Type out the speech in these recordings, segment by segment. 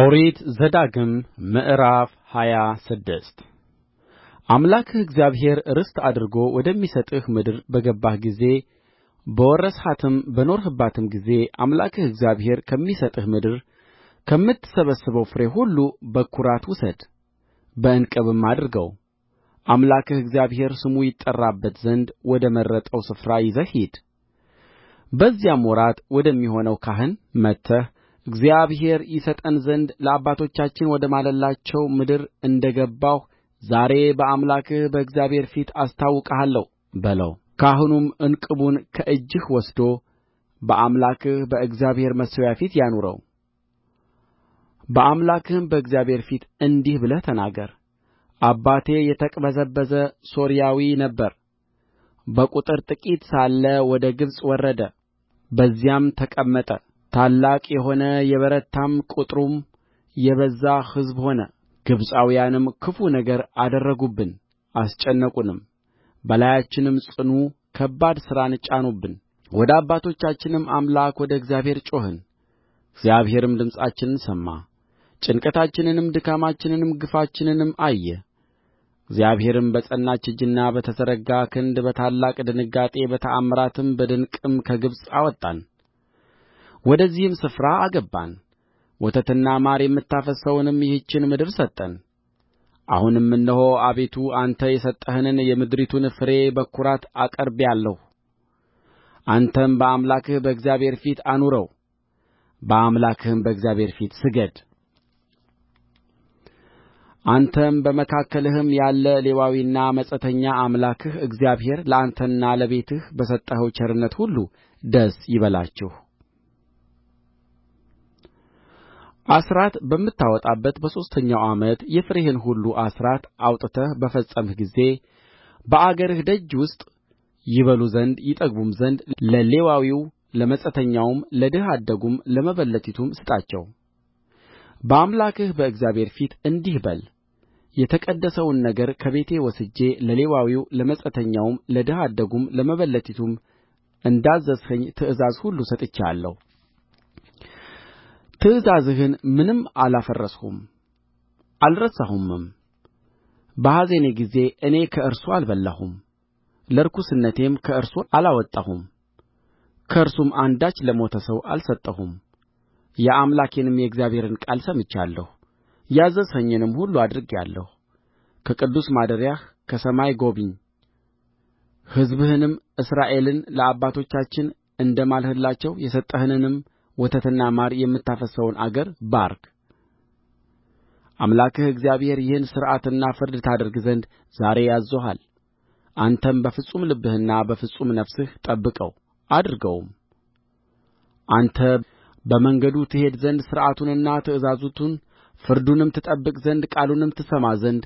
ኦሪት ዘዳግም ምዕራፍ ሃያ ስድስት አምላክህ እግዚአብሔር ርስት አድርጎ ወደሚሰጥህ ምድር በገባህ ጊዜ በወረስሃትም በኖርህባትም ጊዜ አምላክህ እግዚአብሔር ከሚሰጥህ ምድር ከምትሰበስበው ፍሬ ሁሉ በኵራት ውሰድ፣ በዕንቅብም አድርገው። አምላክህ እግዚአብሔር ስሙ ይጠራበት ዘንድ ወደ መረጠው ስፍራ ይዘህ ሂድ። በዚያም ወራት ወደሚሆነው ካህን መጥተህ እግዚአብሔር ይሰጠን ዘንድ ለአባቶቻችን ወደ ማለላቸው ምድር እንደ ገባሁ ዛሬ በአምላክህ በእግዚአብሔር ፊት አስታውቃለሁ በለው ካህኑም ዕንቅቡን ከእጅህ ወስዶ በአምላክህ በእግዚአብሔር መሠዊያ ፊት ያኑረው። በአምላክህም በእግዚአብሔር ፊት እንዲህ ብለህ ተናገር፣ አባቴ የተቅበዘበዘ ሶርያዊ ነበር። በቍጥር ጥቂት ሳለ ወደ ግብፅ ወረደ፣ በዚያም ተቀመጠ። ታላቅ የሆነ የበረታም ቍጥሩም የበዛ ሕዝብ ሆነ ግብፃውያንም ክፉ ነገር አደረጉብን አስጨነቁንም በላያችንም ጽኑ ከባድ ሥራን ጫኑብን ወደ አባቶቻችንም አምላክ ወደ እግዚአብሔር ጮኽን እግዚአብሔርም ድምፃችንን ሰማ ጭንቀታችንንም ድካማችንንም ግፋችንንም አየ እግዚአብሔርም በጸናች እጅና በተዘረጋ ክንድ በታላቅ ድንጋጤ በተአምራትም በድንቅም ከግብፅ አወጣን ወደዚህም ስፍራ አገባን ወተትና ማር የምታፈስሰውንም ይህችን ምድር ሰጠን አሁንም እነሆ አቤቱ አንተ የሰጠኸንን የምድሪቱን ፍሬ በኵራት አቅርቤአለሁ አንተም በአምላክህ በእግዚአብሔር ፊት አኑረው በአምላክህም በእግዚአብሔር ፊት ስገድ አንተም በመካከልህም ያለ ሌዋዊና መጻተኛ አምላክህ እግዚአብሔር ለአንተና ለቤትህ በሰጠኸው ቸርነት ሁሉ ደስ ይበላችሁ አሥራት በምታወጣበት በሦስተኛው ዓመት የፍሬህን ሁሉ አሥራት አውጥተህ በፈጸምህ ጊዜ በአገርህ ደጅ ውስጥ ይበሉ ዘንድ ይጠግቡም ዘንድ ለሌዋዊው ለመጻተኛውም ለድሀ አደጉም ለመበለቲቱም ስጣቸው በአምላክህ በእግዚአብሔር ፊት እንዲህ በል የተቀደሰውን ነገር ከቤቴ ወስጄ ለሌዋዊው ለመጻተኛውም ለድሀ አደጉም ለመበለቲቱም እንዳዘዝኸኝ ትእዛዝ ሁሉ ሰጥቼአለሁ ትእዛዝህን ምንም አላፈረስሁም አልረሳሁምም በኀዘኔ ጊዜ እኔ ከእርሱ አልበላሁም ለርኵስነቴም ከእርሱ አላወጣሁም ከእርሱም አንዳች ለሞተ ሰው አልሰጠሁም የአምላኬንም የእግዚአብሔርን ቃል ሰምቻለሁ ያዘዝኸኝንም ሁሉ አድርጌአለሁ ከቅዱስ ማደሪያህ ከሰማይ ጐብኝ ሕዝብህንም እስራኤልን ለአባቶቻችን እንደ ማልህላቸው የሰጠህንንም ወተትና ማር የምታፈስሰውን አገር ባርክ አምላክህ እግዚአብሔር ይህን ሥርዓትና ፍርድ ታደርግ ዘንድ ዛሬ አዝዞሃል አንተም በፍጹም ልብህና በፍጹም ነፍስህ ጠብቀው አድርገውም አንተ በመንገዱ ትሄድ ዘንድ ሥርዓቱንና ትእዛዙን ፍርዱንም ትጠብቅ ዘንድ ቃሉንም ትሰማ ዘንድ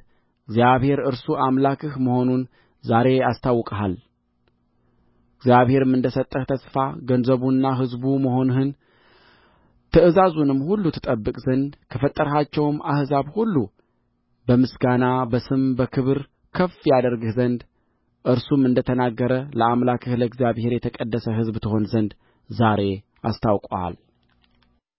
እግዚአብሔር እርሱ አምላክህ መሆኑን ዛሬ አስታውቀሃል እግዚአብሔርም እንደ ሰጠህ ተስፋ ገንዘቡና ሕዝቡ መሆንህን ትእዛዙንም ሁሉ ትጠብቅ ዘንድ ከፈጠርሃቸውም አሕዛብ ሁሉ በምስጋና በስም በክብር ከፍ ያደርግህ ዘንድ እርሱም እንደ ተናገረ ለአምላክህ ለእግዚአብሔር የተቀደሰ ሕዝብ ትሆን ዘንድ ዛሬ አስታውቆሃል